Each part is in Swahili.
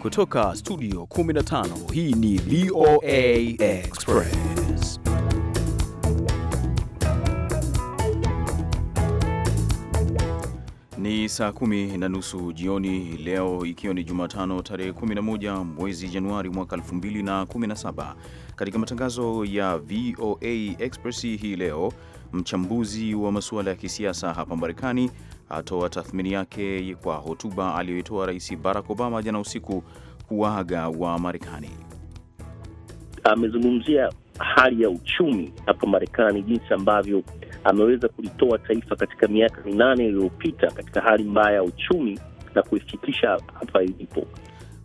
Kutoka studio 15 hii ni VOA Express. Ni saa kumi na nusu jioni leo, ikiwa ni Jumatano tarehe 11 mwezi Januari mwaka 2017. Katika matangazo ya VOA Express hii leo, mchambuzi wa masuala ya kisiasa hapa Marekani atoa tathmini yake kwa hotuba aliyoitoa Rais Barack Obama jana usiku kuwaga wa Marekani. Amezungumzia hali ya uchumi hapa Marekani, jinsi ambavyo ameweza kulitoa taifa katika miaka minane iliyopita katika hali mbaya ya uchumi na kuifikisha hapa ilipo.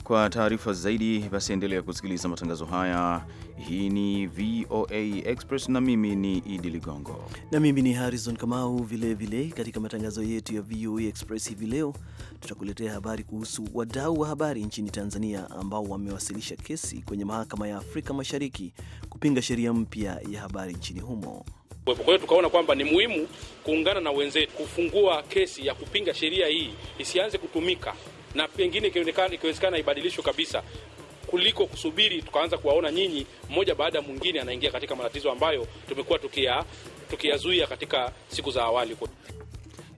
Kwa taarifa zaidi, basi endelea kusikiliza matangazo haya. Hii ni VOA Express na mimi ni Idi Ligongo na mimi ni Harrison Kamau. Vilevile vile, katika matangazo yetu ya VOA Express hivi leo tutakuletea habari kuhusu wadau wa habari nchini Tanzania ambao wamewasilisha kesi kwenye mahakama ya Afrika Mashariki kupinga sheria mpya ya habari nchini humo. Kwa hiyo tukaona kwamba ni muhimu kuungana na wenzetu kufungua kesi ya kupinga sheria hii isianze kutumika na pengine ikiwezekana ibadilishwe kabisa kuliko kusubiri tukaanza kuwaona nyinyi mmoja baada ya mwingine anaingia katika matatizo ambayo tumekuwa tukiyazuia katika siku za awali.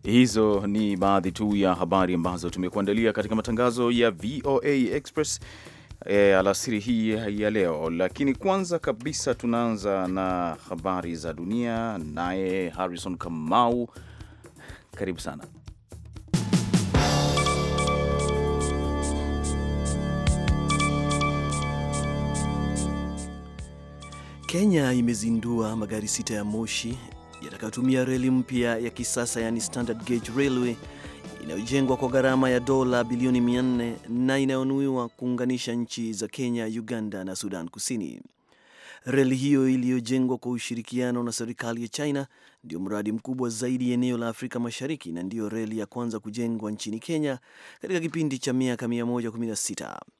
Hizo ni baadhi tu ya habari ambazo tumekuandalia katika matangazo ya VOA Express e, alasiri hii ya leo, lakini kwanza kabisa tunaanza na habari za dunia, naye Harrison Kamau, karibu sana. Kenya imezindua magari sita ya moshi yatakayotumia reli mpya ya kisasa yani standard gauge railway inayojengwa kwa gharama ya dola bilioni 400 na inayonuiwa kuunganisha nchi za Kenya, Uganda na Sudan Kusini. Reli hiyo iliyojengwa kwa ushirikiano na serikali ya China ndio mradi mkubwa zaidi eneo la Afrika Mashariki na ndiyo reli ya kwanza kujengwa nchini Kenya katika kipindi cha miaka 116.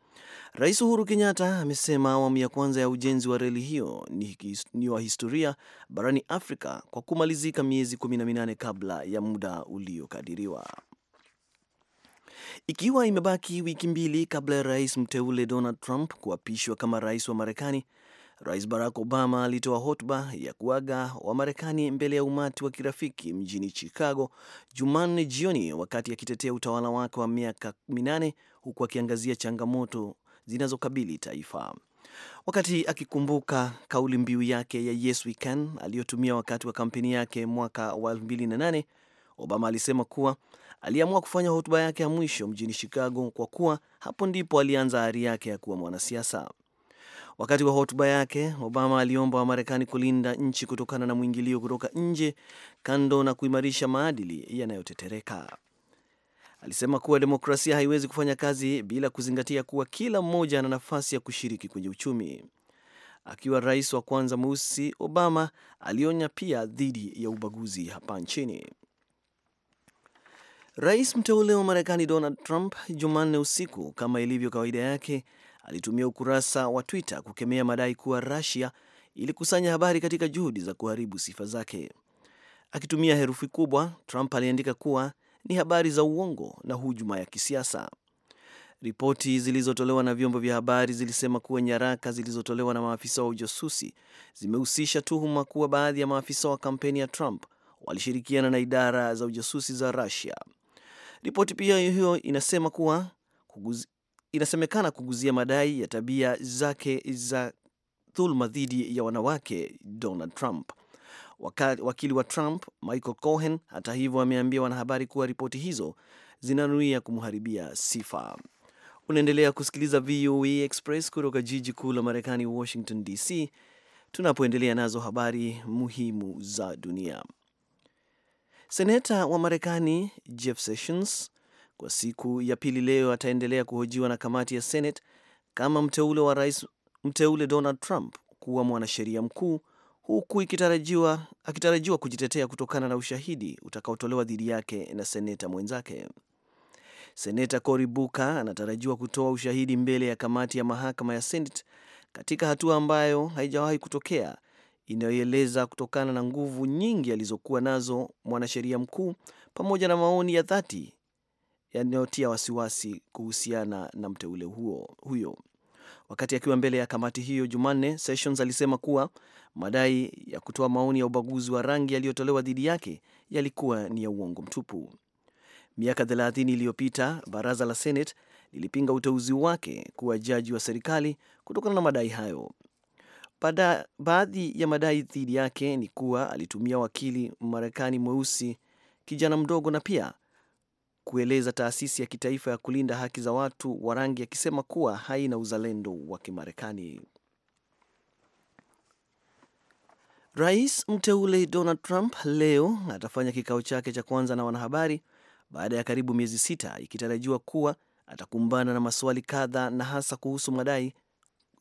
Rais Uhuru Kenyatta amesema awamu ya kwanza ya ujenzi wa reli hiyo ni, ni wa historia barani Afrika kwa kumalizika miezi 18 kabla ya muda uliokadiriwa. Ikiwa imebaki wiki mbili kabla ya rais mteule Donald Trump kuapishwa kama rais wa Marekani, Rais Barack Obama alitoa hotuba ya kuaga wa Marekani mbele ya umati wa kirafiki mjini Chicago Jumanne jioni, wakati akitetea utawala wake wa miaka minane huku akiangazia changamoto zinazokabili taifa. Wakati akikumbuka kauli mbiu yake ya Yes We Can aliyotumia wakati wa kampeni yake mwaka wa 2008, Obama alisema kuwa aliamua kufanya hotuba yake ya mwisho mjini Chicago kwa kuwa hapo ndipo alianza ari yake ya kuwa mwanasiasa. Wakati wa hotuba yake, Obama aliomba Wamarekani kulinda nchi kutokana na mwingilio kutoka nje, kando na kuimarisha maadili yanayotetereka. Alisema kuwa demokrasia haiwezi kufanya kazi bila kuzingatia kuwa kila mmoja ana nafasi ya kushiriki kwenye uchumi. Akiwa rais wa kwanza mweusi, Obama alionya pia dhidi ya ubaguzi hapa nchini. Rais mteule wa Marekani Donald Trump Jumanne usiku, kama ilivyo kawaida yake, alitumia ukurasa wa Twitter kukemea madai kuwa Russia ilikusanya habari katika juhudi za kuharibu sifa zake. Akitumia herufi kubwa, Trump aliandika kuwa ni habari za uongo na hujuma ya kisiasa. Ripoti zilizotolewa na vyombo vya habari zilisema kuwa nyaraka zilizotolewa na maafisa wa ujasusi zimehusisha tuhuma kuwa baadhi ya maafisa wa kampeni ya Trump walishirikiana na idara za ujasusi za Russia. Ripoti pia hiyo inasema kuwa kuguzi, inasemekana kuguzia madai ya tabia zake za dhuluma dhidi ya wanawake Donald Trump. Wakili wa Trump Michael Cohen, hata hivyo, ameambia wanahabari kuwa ripoti hizo zinanuia kumharibia sifa. Unaendelea kusikiliza VOA e Express kutoka jiji kuu la Marekani, Washington DC, tunapoendelea nazo habari muhimu za dunia. Seneta wa Marekani Jeff Sessions kwa siku ya pili leo ataendelea kuhojiwa na kamati ya Senate kama mteule wa rais mteule Donald Trump kuwa mwanasheria mkuu huku ikitarajiwa, akitarajiwa kujitetea kutokana na ushahidi utakaotolewa dhidi yake na seneta mwenzake. Seneta Cory Booker anatarajiwa kutoa ushahidi mbele ya kamati ya mahakama ya Senate katika hatua ambayo haijawahi kutokea inayoeleza kutokana na nguvu nyingi alizokuwa nazo mwanasheria mkuu pamoja na maoni ya dhati yanayotia wasiwasi kuhusiana na mteule huo huyo. Wakati akiwa mbele ya kamati hiyo Jumanne, Sessions alisema kuwa madai ya kutoa maoni ya ubaguzi wa rangi yaliyotolewa dhidi yake yalikuwa ni ya uongo mtupu. Miaka 30 iliyopita baraza la Senate lilipinga uteuzi wake kuwa jaji wa serikali kutokana na madai hayo. Bada, baadhi ya madai dhidi yake ni kuwa alitumia wakili marekani mweusi kijana mdogo na pia kueleza taasisi ya kitaifa ya kulinda haki za watu wa rangi akisema kuwa haina uzalendo wa Kimarekani. Rais mteule Donald Trump leo atafanya kikao chake cha kwanza na wanahabari baada ya karibu miezi sita, ikitarajiwa kuwa atakumbana na maswali kadha na hasa kuhusu madai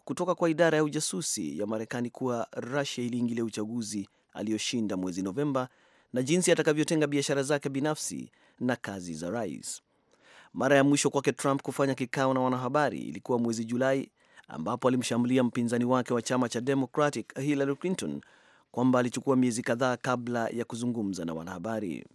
kutoka kwa idara ya ujasusi ya Marekani kuwa rasia iliingilia uchaguzi aliyoshinda mwezi Novemba na jinsi atakavyotenga biashara zake binafsi na kazi za rais. Mara ya mwisho kwake Trump kufanya kikao na wanahabari ilikuwa mwezi Julai, ambapo alimshambulia mpinzani wake wa chama cha Democratic Hillary Clinton kwamba alichukua miezi kadhaa kabla ya kuzungumza na wanahabari.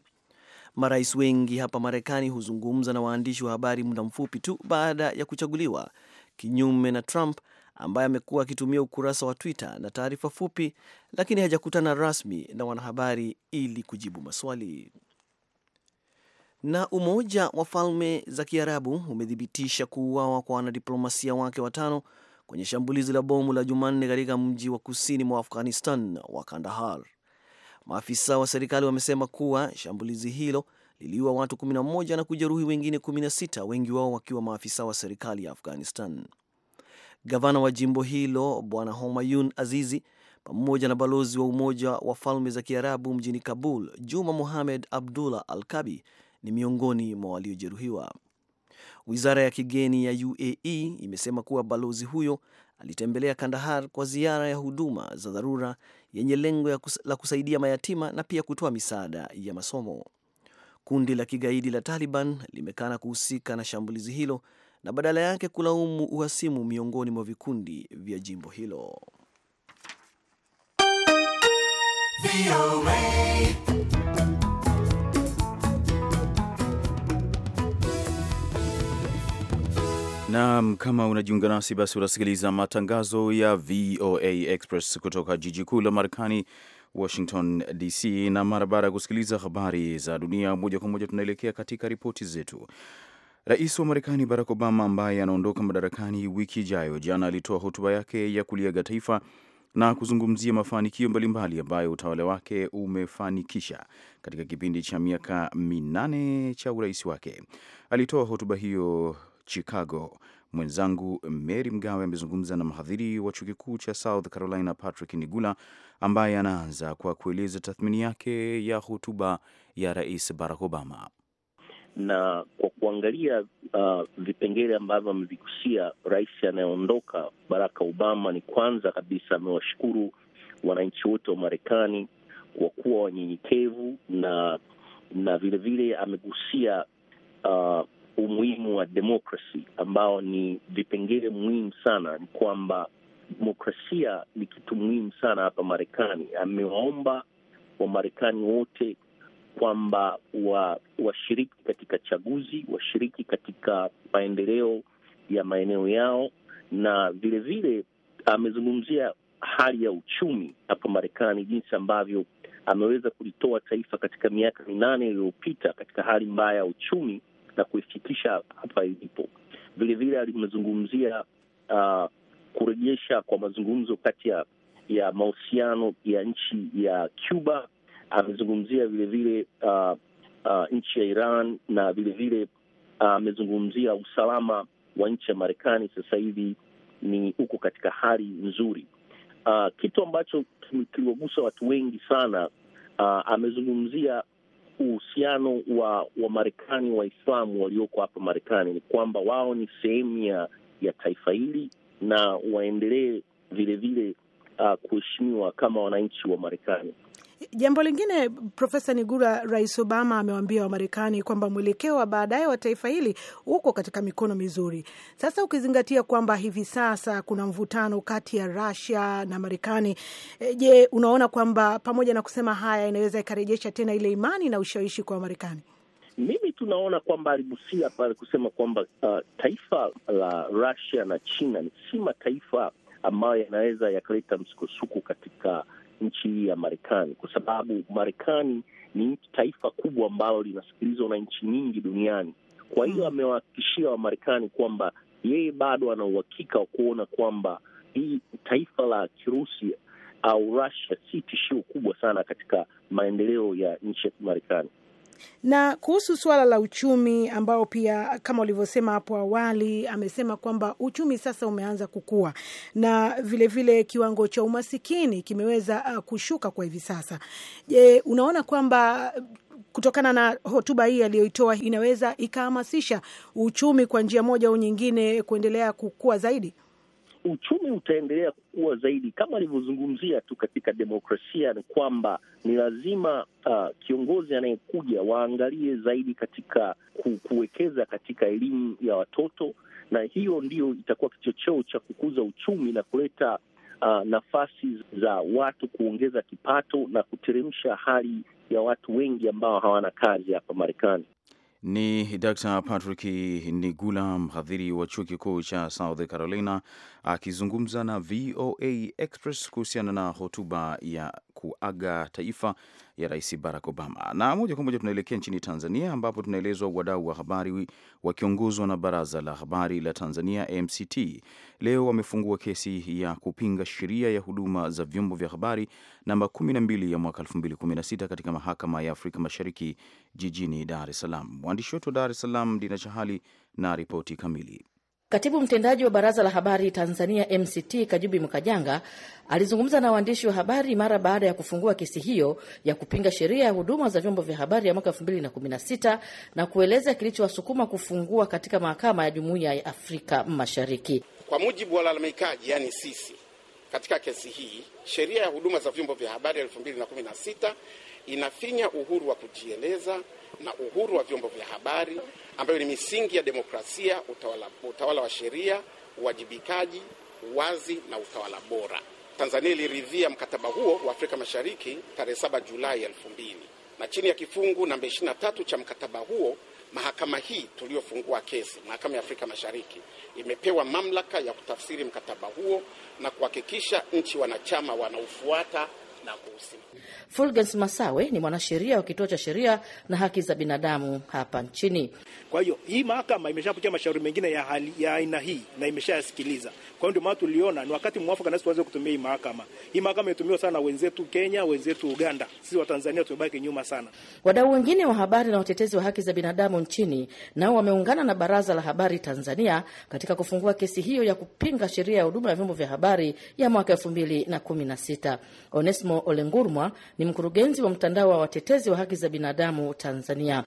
Marais wengi hapa Marekani huzungumza na waandishi wa habari muda mfupi tu baada ya kuchaguliwa, kinyume na Trump ambaye amekuwa akitumia ukurasa wa Twitter na taarifa fupi, lakini hajakutana rasmi na wanahabari ili kujibu maswali. Na Umoja wa Falme za Kiarabu umethibitisha kuuawa kwa wanadiplomasia wake watano kwenye shambulizi la bomu la Jumanne katika mji wa kusini mwa Afghanistan wa Kandahar. Maafisa wa serikali wamesema kuwa shambulizi hilo liliua watu 11 na kujeruhi wengine 16, wengi wao wakiwa maafisa wa serikali ya Afghanistan. Gavana wa jimbo hilo Bwana Homayun Azizi pamoja na balozi wa Umoja wa Falme za Kiarabu mjini Kabul Juma Mohamed Abdullah Al Kabi ni miongoni mwa waliojeruhiwa. Wizara ya kigeni ya UAE imesema kuwa balozi huyo alitembelea Kandahar kwa ziara ya huduma za dharura yenye lengo kus la kusaidia mayatima na pia kutoa misaada ya masomo. Kundi la kigaidi la Taliban limekana kuhusika na shambulizi hilo na badala yake kulaumu uhasimu miongoni mwa vikundi vya jimbo hilo. Naam, kama unajiunga nasi basi unasikiliza matangazo ya VOA Express kutoka jiji kuu la Marekani, Washington DC. Na mara baada ya kusikiliza habari za dunia moja kwa moja, tunaelekea katika ripoti zetu. Rais wa Marekani Barack Obama ambaye anaondoka madarakani wiki ijayo, jana alitoa hotuba yake ya kuliaga taifa na kuzungumzia mafanikio mbalimbali ambayo utawala wake umefanikisha katika kipindi cha miaka minane cha urais wake. Alitoa hotuba hiyo Chicago. Mwenzangu Mary Mgawe amezungumza na mhadhiri wa chuo kikuu cha South Carolina Patrick Nigula, ambaye anaanza kwa kueleza tathmini yake ya hotuba ya Rais Barack Obama na kwa kuangalia uh, vipengele ambavyo amevigusia rais anayeondoka Barack Obama, ni kwanza kabisa amewashukuru wananchi wote wa Marekani kwa kuwa wanyenyekevu na na vilevile amegusia uh, umuhimu wa demokrasi ambao ni vipengele muhimu sana. Ni kwamba demokrasia ni kitu muhimu sana hapa Marekani. Amewaomba Wamarekani wote kwamba washiriki wa katika chaguzi, washiriki katika maendeleo ya maeneo yao, na vilevile amezungumzia hali ya uchumi hapa Marekani, jinsi ambavyo ameweza kulitoa taifa katika miaka minane iliyopita katika hali mbaya ya uchumi na kuifikisha hapa ilipo. Vilevile alimezungumzia uh, kurejesha kwa mazungumzo kati ya ya mahusiano ya nchi ya Cuba. Amezungumzia vilevile uh, uh, nchi ya Iran na vilevile uh, amezungumzia uh, usalama wa nchi ya Marekani sasa hivi ni uko katika hali nzuri. Uh, kitu ambacho kiliwagusa watu wengi sana uh, amezungumzia uhusiano wa Wamarekani Waislamu walioko hapa Marekani ni kwamba wao ni sehemu ya ya taifa hili na waendelee vilevile uh, ah, kuheshimiwa kama wananchi wa Marekani. Jambo lingine Profesa Nigura, Rais Obama amewambia Wamarekani kwamba mwelekeo wa baadaye wa taifa hili uko katika mikono mizuri. Sasa ukizingatia kwamba hivi sasa kuna mvutano kati ya rasia na Marekani, eh, je, unaona kwamba pamoja na kusema haya inaweza ikarejesha tena ile imani na ushawishi kwa Wamarekani? Mimi tunaona kwamba aribusia pale kusema kwamba uh, taifa la rasia na China si mataifa ambayo yanaweza yakaleta msukosuko katika nchi ya Marekani, kwa sababu Marekani ni taifa kubwa ambalo linasikilizwa na nchi nyingi duniani. Kwa hiyo hmm. amewahakikishia Wamarekani kwamba yeye bado ana uhakika wa kuona kwamba hii taifa la Kirusi au Russia si tishio kubwa sana katika maendeleo ya nchi ya Kimarekani. Na kuhusu suala la uchumi ambao pia kama ulivyosema hapo awali, amesema kwamba uchumi sasa umeanza kukua na vilevile vile kiwango cha umasikini kimeweza uh, kushuka kwa hivi sasa. Je, unaona kwamba uh, kutokana na hotuba hii aliyoitoa inaweza ikahamasisha uchumi kwa njia moja au nyingine kuendelea kukua zaidi? uchumi utaendelea kukua zaidi. Kama alivyozungumzia tu katika demokrasia, ni kwamba ni lazima uh, kiongozi anayekuja waangalie zaidi katika kuwekeza katika elimu ya watoto, na hiyo ndiyo itakuwa kichocheo cha kukuza uchumi na kuleta uh, nafasi za watu kuongeza kipato na kuteremsha hali ya watu wengi ambao hawana kazi hapa Marekani. Ni Dr Patrick Nigula, mhadhiri wa chuo kikuu cha South Carolina, akizungumza na VOA Express kuhusiana na hotuba ya kuaga taifa ya Rais Barack Obama. Na moja kwa moja tunaelekea nchini Tanzania, ambapo tunaelezwa wadau wa habari wakiongozwa na Baraza la Habari la Tanzania MCT leo wamefungua kesi ya kupinga sheria ya huduma za vyombo vya habari namba 12 ya mwaka 2016 katika Mahakama ya Afrika Mashariki jijini Dar es Salaam. Mwandishi wetu wa Dar es Salaam, Dina Chahali, na ripoti kamili. Katibu mtendaji wa Baraza la Habari Tanzania MCT Kajubi Mkajanga alizungumza na waandishi wa habari mara baada ya kufungua kesi hiyo ya kupinga sheria ya huduma za vyombo vya habari ya mwaka 2016 na kueleza kilichowasukuma kufungua katika mahakama ya Jumuiya ya Afrika Mashariki. Kwa mujibu wa lalamikaji yani sisi, katika kesi hii sheria ya huduma za vyombo vya habari 2016 inafinya uhuru wa kujieleza na uhuru wa vyombo vya habari ambayo ni misingi ya demokrasia, utawala, utawala wa sheria, uwajibikaji, uwazi na utawala bora. Tanzania iliridhia mkataba huo wa Afrika Mashariki tarehe 7 Julai 2000 na chini ya kifungu namba 23 cha mkataba huo mahakama hii tuliyofungua kesi, mahakama ya Afrika Mashariki, imepewa mamlaka ya kutafsiri mkataba huo na kuhakikisha nchi wanachama wanaufuata na kuusimamia. Fulgens Masawe ni mwanasheria wa kituo cha sheria na haki za binadamu hapa nchini. Kwa hiyo hii mahakama imeshapokea mashauri mengine ya hali, ya aina hii na imeshayasikiliza. Kwa hiyo ndio maana tuliona ni wakati mwafaka nasi tuanze kutumia hii mahakama. Hii mahakama imetumiwa sana wenzetu Kenya, wenzetu Uganda. Sisi Watanzania tumebaki nyuma sana. Wadau wengine wa habari na watetezi wa haki za binadamu nchini nao wameungana na Baraza la Habari Tanzania katika kufungua kesi hiyo ya kupinga sheria ya huduma ya vyombo vya habari ya mwaka elfu mbili na kumi na sita. Onesmo Maimo Olengurumwa ni mkurugenzi wa mtandao wa watetezi wa haki za binadamu Tanzania.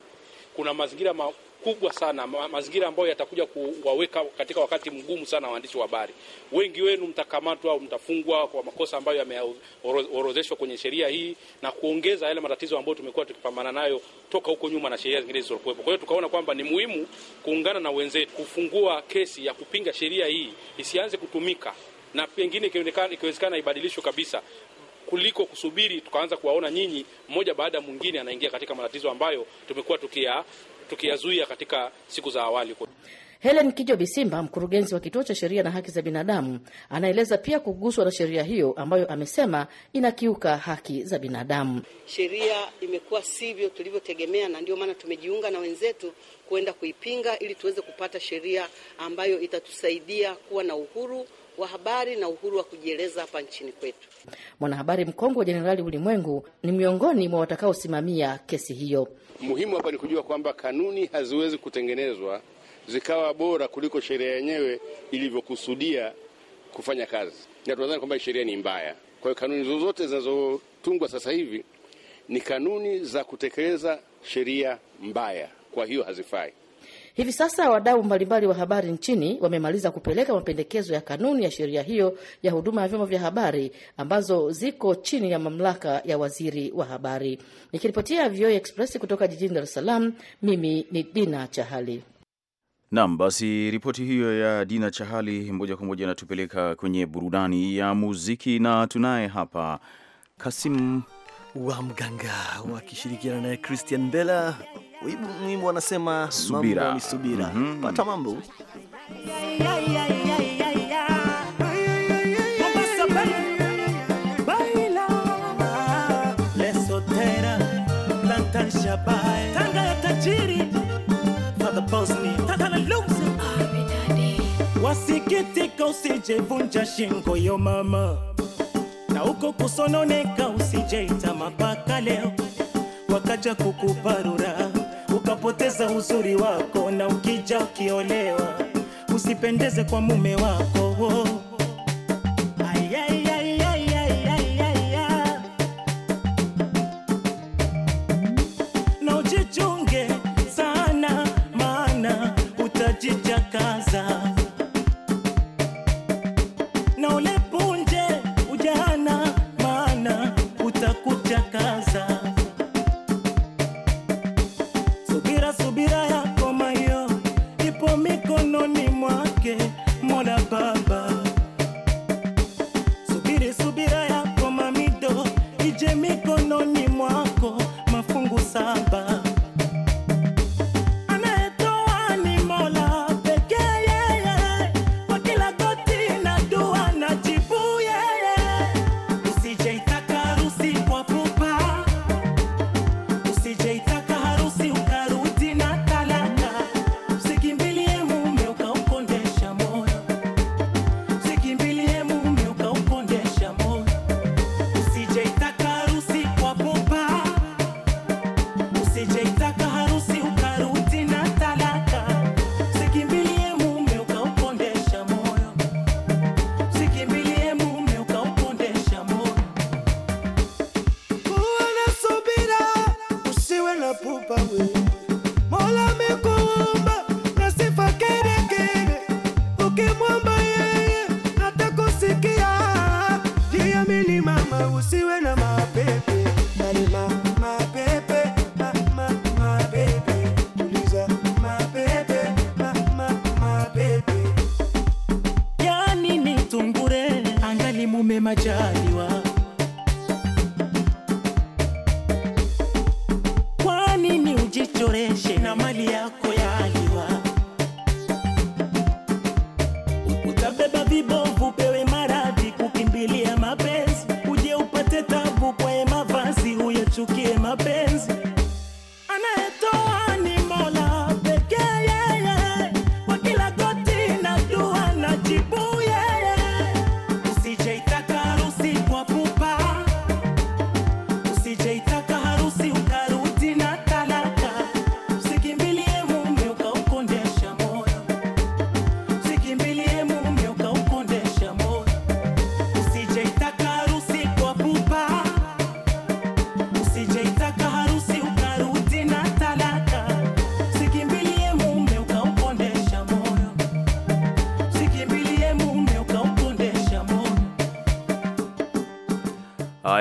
Kuna mazingira makubwa sana, mazingira ambayo yatakuja kuwaweka katika wakati mgumu sana waandishi wa habari. Wengi wenu mtakamatwa au mtafungwa kwa makosa ambayo yameorozeshwa kwenye sheria hii na kuongeza yale matatizo ambayo tumekuwa tukipambana nayo toka huko nyuma na sheria zingine zilizokuwepo. Kwa hiyo tukaona kwamba ni muhimu kuungana na wenzetu kufungua kesi ya kupinga sheria hii isianze kutumika na pengine ikiwezekana ibadilishwe kabisa, kuliko kusubiri tukaanza kuwaona nyinyi mmoja baada ya mwingine anaingia katika matatizo ambayo tumekuwa tukiyazuia katika siku za awali. Helen Kijo Bisimba, mkurugenzi wa kituo cha sheria na haki za binadamu, anaeleza pia kuguswa na sheria hiyo ambayo amesema inakiuka haki za binadamu. Sheria imekuwa sivyo tulivyotegemea, na ndio maana tumejiunga na wenzetu kuenda kuipinga ili tuweze kupata sheria ambayo itatusaidia kuwa na uhuru wa habari na uhuru wa kujieleza hapa nchini kwetu. Mwanahabari mkongwe wa Jenerali Ulimwengu ni miongoni mwa watakaosimamia kesi hiyo. Muhimu hapa ni kujua kwamba kanuni haziwezi kutengenezwa zikawa bora kuliko sheria yenyewe ilivyokusudia kufanya kazi, na tunadhani kwamba sheria ni mbaya. Kwa hiyo kanuni zozote zinazotungwa sasa hivi ni kanuni za kutekeleza sheria mbaya, kwa hiyo hazifai. Hivi sasa wadau mbalimbali wa habari nchini wamemaliza kupeleka mapendekezo ya kanuni ya sheria hiyo ya huduma ya vyombo vya habari ambazo ziko chini ya mamlaka ya waziri wa habari. Nikiripotia VOA Express kutoka jijini Dar es Salaam, mimi ni Dina Chahali. Nam, basi ripoti hiyo ya Dina Chahali moja kwa moja inatupeleka kwenye burudani ya muziki, na tunaye hapa Kasim wa Mganga wakishirikiana naye Christian Bella, wimbo wanasema subira, mambo ni subira. Mm -hmm. Pata mambo Unasikitika usijevunja shingo yo mama, na uko kusononeka usijeita mapaka leo, wakaja kukuparura ukapoteza uzuri wako, na ukija ukiolewa usipendeze kwa mume wako. Oh. Subira, subira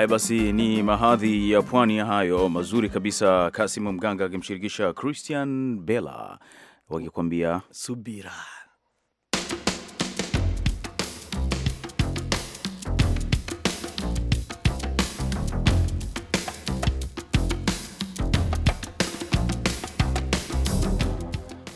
Haya basi, ni mahadhi ya pwani hayo mazuri kabisa. Kasimu Mganga akimshirikisha Christian Bella wakikwambia subira.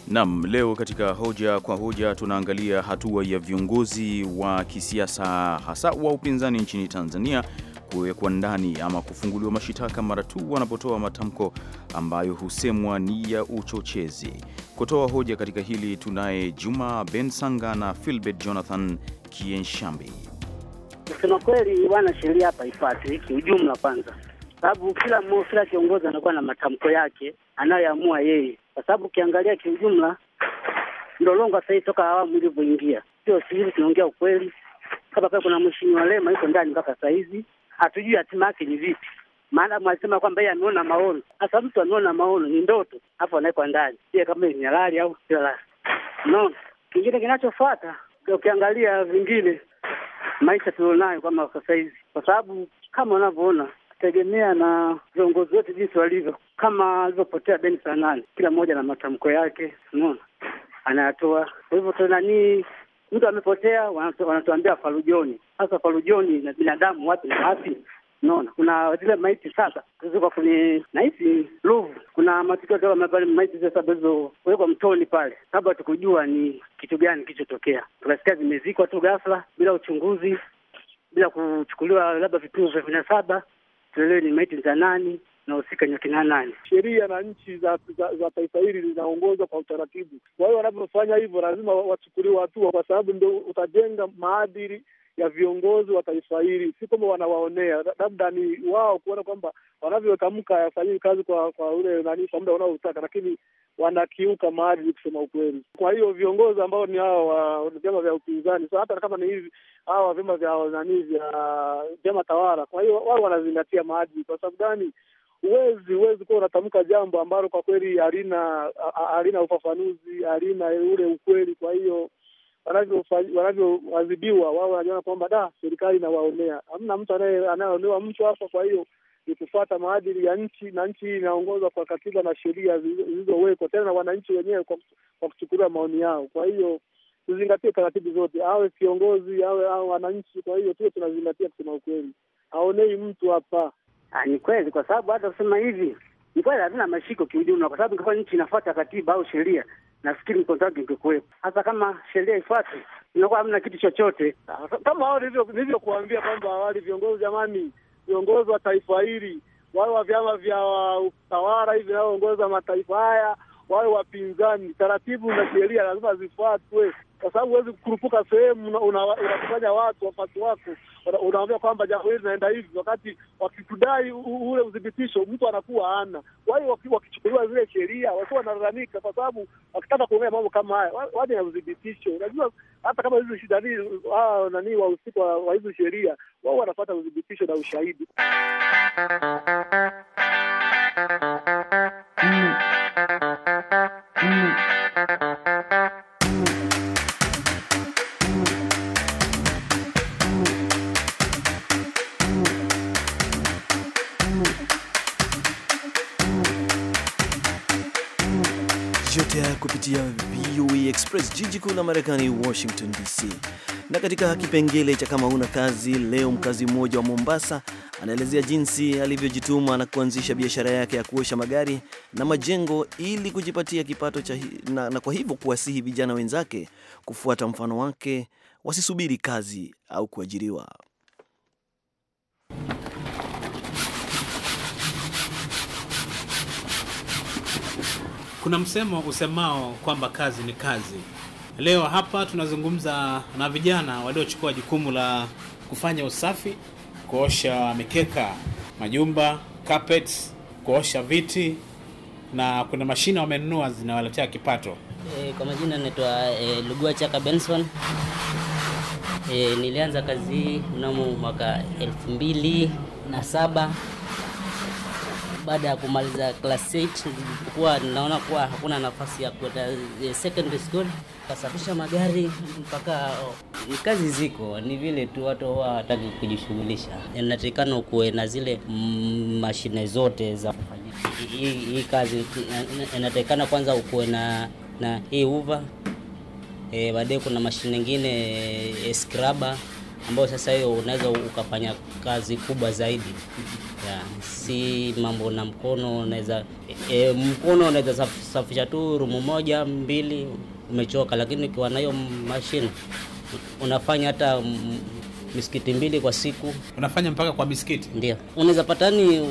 Nam, leo katika hoja kwa hoja tunaangalia hatua ya viongozi wa kisiasa hasa wa upinzani nchini Tanzania kuwekwa ndani ama kufunguliwa mashitaka mara tu wanapotoa matamko ambayo husemwa ni ya uchochezi. Kutoa hoja katika hili tunaye Juma Ben Sanga na filbert Jonathan Kienshambi. Kusema kweli, wana sheria hapa ifuatwe kiujumla kwanza, sababu kila mmoja, kila kiongozi anakuwa na matamko yake anayoamua yeye, kwa sababu ukiangalia kiujumla Ndolonga sasa toka awamu ilivyoingia, sio siri, tunaongea ukweli. Kama pale kuna mheshimiwa Lema iko ndani mpaka saa hizi, hatujui hatima yake ni vipi. Maana mwasema kwamba yeye ameona maono. Sasa mtu ameona maono ni ndoto, hapo anawekwa ndani, je, kama ni halali au sio halali? kingine kinachofuata ukiangalia vingine maisha tulionayo kama sasa kwa sababu kama unavyoona tegemea na viongozi wetu jinsi walivyo, kama alivyopotea Beni saa nane, kila mmoja na matamko yake, unaona anayatoa. Kwa hivyo tunanii mtu amepotea, wanatuambia Farujoni. Sasa Farujoni na binadamu wapi na wapi? Unaona, kuna zile maiti sasa ziko kwenye nahisi Luvu, kuna matukio kama mapale maiti sasa zilizowekwa mtoni pale, kabla tukujua ni kitu gani kilichotokea, tukasikia zimezikwa tu ghafla bila uchunguzi, bila kuchukuliwa labda vipimo vya vinasaba, tuelewe ni maiti za nani nyaki na nani. Sheria na nchi za za, za taifa hili zinaongozwa kwa utaratibu. Kwa hiyo wanavyofanya hivyo, lazima wachukuliwe hatua, kwa sababu ndio utajenga maadili ya viongozi wa taifa hili, si kwamba wanawaonea. Labda ni wao kuona kwamba wanavyotamka yafanyii kazi kwa kwa ule nani, kwa muda unaotaka, lakini wanakiuka maadili, kusema ukweli. Kwa hiyo viongozi ambao ni hawa vyama vya upinzani, so hata kama ni hivi hawa vyama vya nani vya vyama tawala, kwa hiyo wao wanazingatia maadili. Kwa sababu gani? huwezi huwezi kuwa unatamka jambo ambalo kwa kweli halina halina ufafanuzi halina ule ukweli. Kwa hiyo wanavyoadhibiwa wao wanajiona kwamba da, serikali inawaonea. Hamna mtu anayeonewa mtu hapa. Kwa hiyo ni kufuata maadili ya nchi, na nchi hii inaongozwa kwa katiba na sheria zilizowekwa, tena na wananchi wenyewe kwa kuchukuliwa maoni yao. Kwa hiyo tuzingatie taratibu zote, awe kiongozi awe au wananchi. Kwa hiyo tuwe tunazingatia kusema ukweli, aonei mtu hapa. Ah, ni kweli kwa sababu hata kusema hivi ni kweli hatuna mashiko kiujumla, kwa sababu ingekuwa nchi inafuata katiba au sheria, nafikiri contract ingekuwepo. Hasa kama sheria ifuate, inakuwa hamna kitu chochote. Kama hao nilivyokuambia kwamba awali, viongozi jamani, viongozi wa taifa hili wawe wa vyama vya utawala hivi vinavyoongoza mataifa haya, wale wapinzani, taratibu na sheria lazima zifuatwe kwa sababu huwezi kurupuka sehemu unakusanya watu wafasi wako, unaambia kwamba jambo hili linaenda hivi, wakati wakikudai ule uthibitisho mtu anakuwa ana Kwa hiyo wakichukuliwa zile sheria wakiwa wanalalamika, kwa sababu wakitaka kuongea mambo kama haya waje na uthibitisho. Unajua, hata kama hizo shidani hawa nani wahusika wa hizo sheria wao wanapata uthibitisho na ushahidi mm. Mm. Amerika kupitia VOA Express, jiji kuu la Marekani, Washington DC. Na katika kipengele cha kama una kazi leo, mkazi mmoja wa Mombasa anaelezea jinsi alivyojituma na kuanzisha biashara yake ya kuosha magari na majengo ili kujipatia kipato cha na, na kwa hivyo kuwasihi vijana wenzake kufuata mfano wake, wasisubiri kazi au kuajiriwa. Kuna msemo usemao kwamba kazi ni kazi. Leo hapa tunazungumza na vijana waliochukua jukumu la kufanya usafi, kuosha mikeka, majumba, carpets, kuosha viti na kuna mashine wamenunua zinawaletea kipato. E, kwa majina naitwa e, Lugua Chaka Benson. E, nilianza kazi hii mnamo mwaka elfu mbili na saba baada ya kumaliza class 8 nilikuwa naona kuwa hakuna nafasi ya kwenda eh, secondary school, kasafisha magari mpaka oh, ni kazi ziko, ni vile tu watu huwa hawataki kujishughulisha. Inatakikana eh, ukuwe na zile mashine zote za kufanyia hii kazi. Eh, inatakikana kwanza ukuwe na na hii uva e, baadaye kuna mashine nyingine e, skraba ambayo sasa hiyo unaweza ukafanya kazi kubwa zaidi ya, Si mambo na mkono unaweza e, e mkono unaweza safisha tu rumu moja mbili, umechoka, lakini ukiwa na hiyo mashine unafanya hata misikiti mbili kwa siku unafanya mpaka kwa misikiti ndio unaweza patani.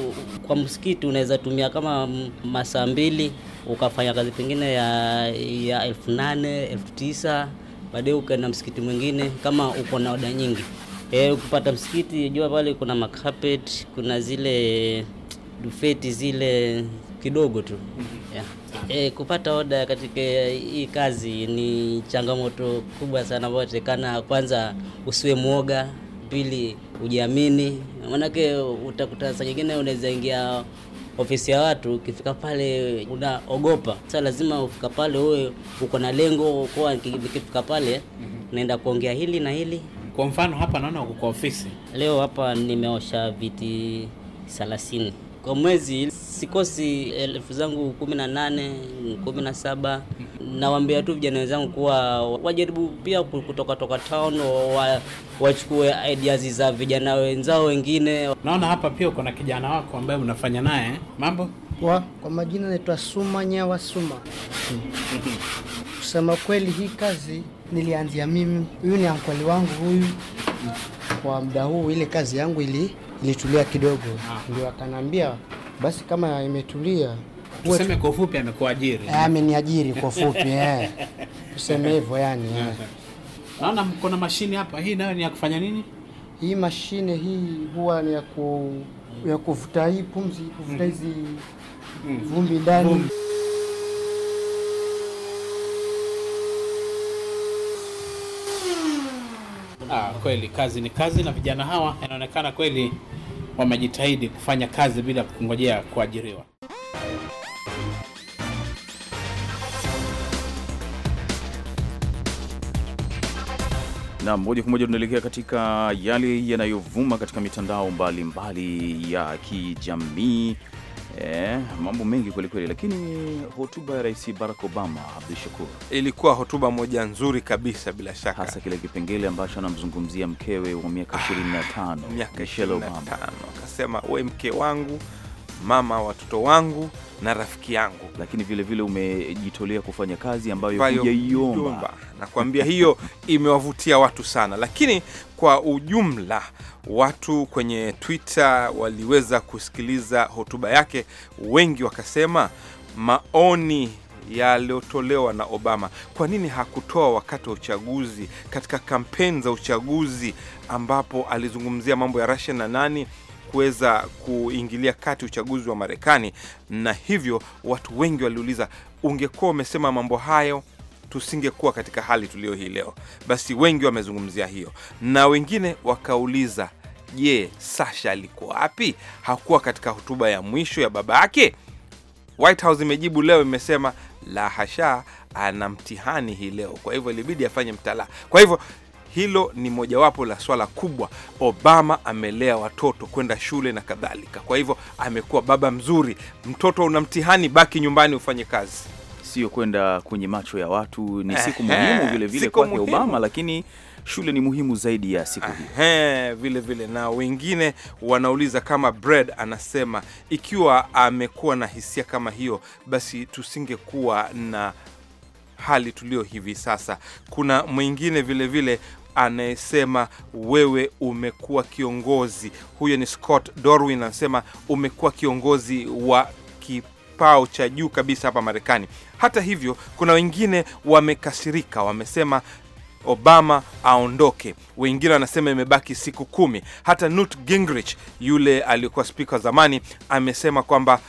Kwa msikiti unaweza tumia kama masaa mbili ukafanya kazi pengine ya, ya elfu nane elfu tisa baadaye ukaenda msikiti mwingine, kama uko na oda nyingi e, ukipata msikiti jua pale kuna makapet kuna zile dufeti zile kidogo tu mhm. yeah. E, kupata oda katika hii kazi ni changamoto kubwa sana inayotekana, kwanza usiwe mwoga, pili ujiamini, maanake utakuta saa nyingine unaweza ingia ofisi ya watu, ukifika pale unaogopa. Sasa lazima ufika pale uwe uko na lengo, kwa nikifika pale mhm. naenda kuongea hili na hili. Kwa mfano hapa naona uko kwa ofisi leo, hapa nimeosha viti 30 kwa mwezi sikosi elfu zangu kumi na nane kumi na saba Nawaambia tu vijana wenzangu kuwa wajaribu pia kutokatoka town, wachukue ideas za vijana wenzao wengine. Naona hapa pia uko na kijana wako ambaye unafanya naye mambo kwa, kwa majina naitwa Suma Nyawa Suma. Kusema kweli, hii kazi nilianzia mimi, huyu ni ankweli wangu huyu. Kwa muda huu ile kazi yangu ili ilitulia kidogo, ah. ndio akanambia basi kama imetulia tuseme kwa ufupi amekuajiri. Eh, ameniajiri kwa ufupi eh. Tuseme hivyo yani. Eh. Naona mko na mashine hapa, hii nayo ni ya kufanya nini? Hii mashine hii huwa ni ya ku ya kuvuta hii pumzi, kuvuta mm. hizi mm. vumbi ndani. Ah, kweli kazi ni kazi na vijana hawa inaonekana kweli wamejitahidi kufanya kazi bila kungojea kuajiriwa. Na moja kwa moja tunaelekea katika yale yanayovuma katika mitandao mbalimbali mbali ya kijamii E, mambo mengi kwelikweli, lakini hotuba ya Rais Barack Obama, shakur ilikuwa hotuba moja nzuri kabisa, bila shaka, hasa kile kipengele ambacho anamzungumzia mkewe wa miaka 25 ah, Michelle Obama. Akasema, we mke wangu mama watoto wangu na rafiki yangu, lakini vilevile umejitolea kufanya kazi ambayo hujaiomba. Nakwambia hiyo imewavutia watu sana, lakini kwa ujumla watu kwenye Twitter waliweza kusikiliza hotuba yake, wengi wakasema maoni yaliyotolewa na Obama. Kwa nini hakutoa wakati wa uchaguzi, katika kampeni za uchaguzi, ambapo alizungumzia mambo ya Russia na nani kuweza kuingilia kati uchaguzi wa Marekani, na hivyo watu wengi waliuliza, ungekuwa umesema mambo hayo tusingekuwa katika hali tulio hii leo. Basi wengi wamezungumzia hiyo, na wengine wakauliza, je, Sasha alikuwa wapi? Hakuwa katika hotuba ya mwisho ya baba yake? White House imejibu leo, imesema la hasha, ana mtihani hii leo, kwa hivyo ilibidi afanye mtalaa. Kwa hivyo hilo ni mojawapo la swala kubwa. Obama amelea watoto kwenda shule na kadhalika, kwa hivyo amekuwa baba mzuri. Mtoto una mtihani, baki nyumbani ufanye kazi, sio kwenda kwenye macho ya watu. Ni siku muhimu vilevile kwake Obama, lakini shule ni muhimu zaidi ya siku hiyo vile vile. Na wengine wanauliza kama Brad anasema, ikiwa amekuwa na hisia kama hiyo, basi tusingekuwa na hali tulio hivi sasa. Kuna mwingine vilevile anayesema wewe umekuwa kiongozi, huyo ni Scott Dorwin, anasema umekuwa kiongozi wa kipao cha juu kabisa hapa Marekani. Hata hivyo, kuna wengine wamekasirika, wamesema Obama aondoke. Wengine wanasema imebaki siku kumi. Hata Newt Gingrich yule aliyekuwa spika zamani amesema kwamba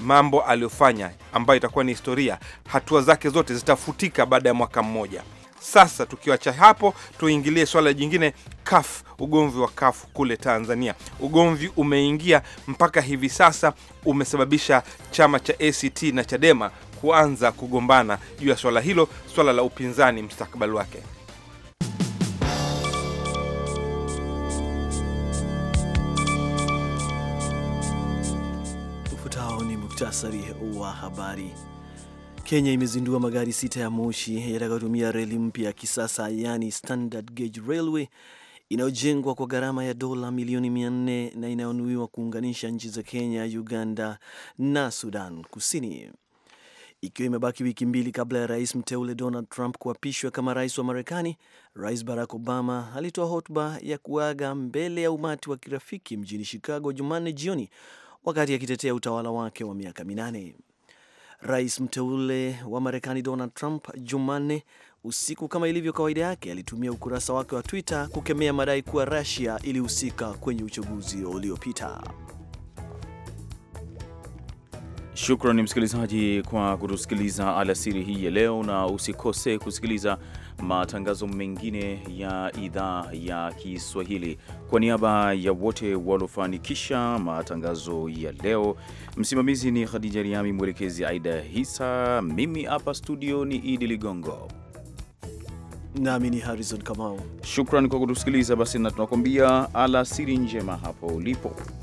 mambo aliyofanya ambayo itakuwa ni historia. Hatua zake zote zitafutika baada ya mwaka mmoja. Sasa tukiwacha hapo, tuingilie swala jingine, kaf ugomvi wa kaf kule Tanzania. Ugomvi umeingia mpaka hivi sasa, umesababisha chama cha ACT na Chadema kuanza kugombana juu ya swala hilo, swala la upinzani, mustakabali wake. Muktasari wa habari. Kenya imezindua magari sita ya moshi yatakayotumia reli mpya ya kisasa, yani standard gauge railway inayojengwa kwa gharama ya dola milioni mia nne na inayonuiwa kuunganisha nchi za Kenya, Uganda na Sudan Kusini. Ikiwa imebaki wiki mbili kabla ya rais mteule Donald Trump kuapishwa kama rais wa Marekani, Rais Barack Obama alitoa hotuba ya kuaga mbele ya umati wa kirafiki mjini Chicago Jumanne jioni, wakati akitetea utawala wake wa miaka minane. Rais mteule wa Marekani Donald Trump Jumanne usiku kama ilivyo kawaida yake alitumia ukurasa wake wa Twitter kukemea madai kuwa Russia ilihusika kwenye uchaguzi uliopita. Shukrani msikilizaji kwa kutusikiliza alasiri hii ya leo, na usikose kusikiliza matangazo mengine ya idhaa ya Kiswahili. Kwa niaba ya wote waliofanikisha matangazo ya leo, msimamizi ni Khadija Riami, mwelekezi Aida Hisa, mimi hapa studio ni Idi Ligongo nami ni Harrison Kamau. Shukran kwa kutusikiliza basi, na tunakuambia alasiri njema hapo ulipo.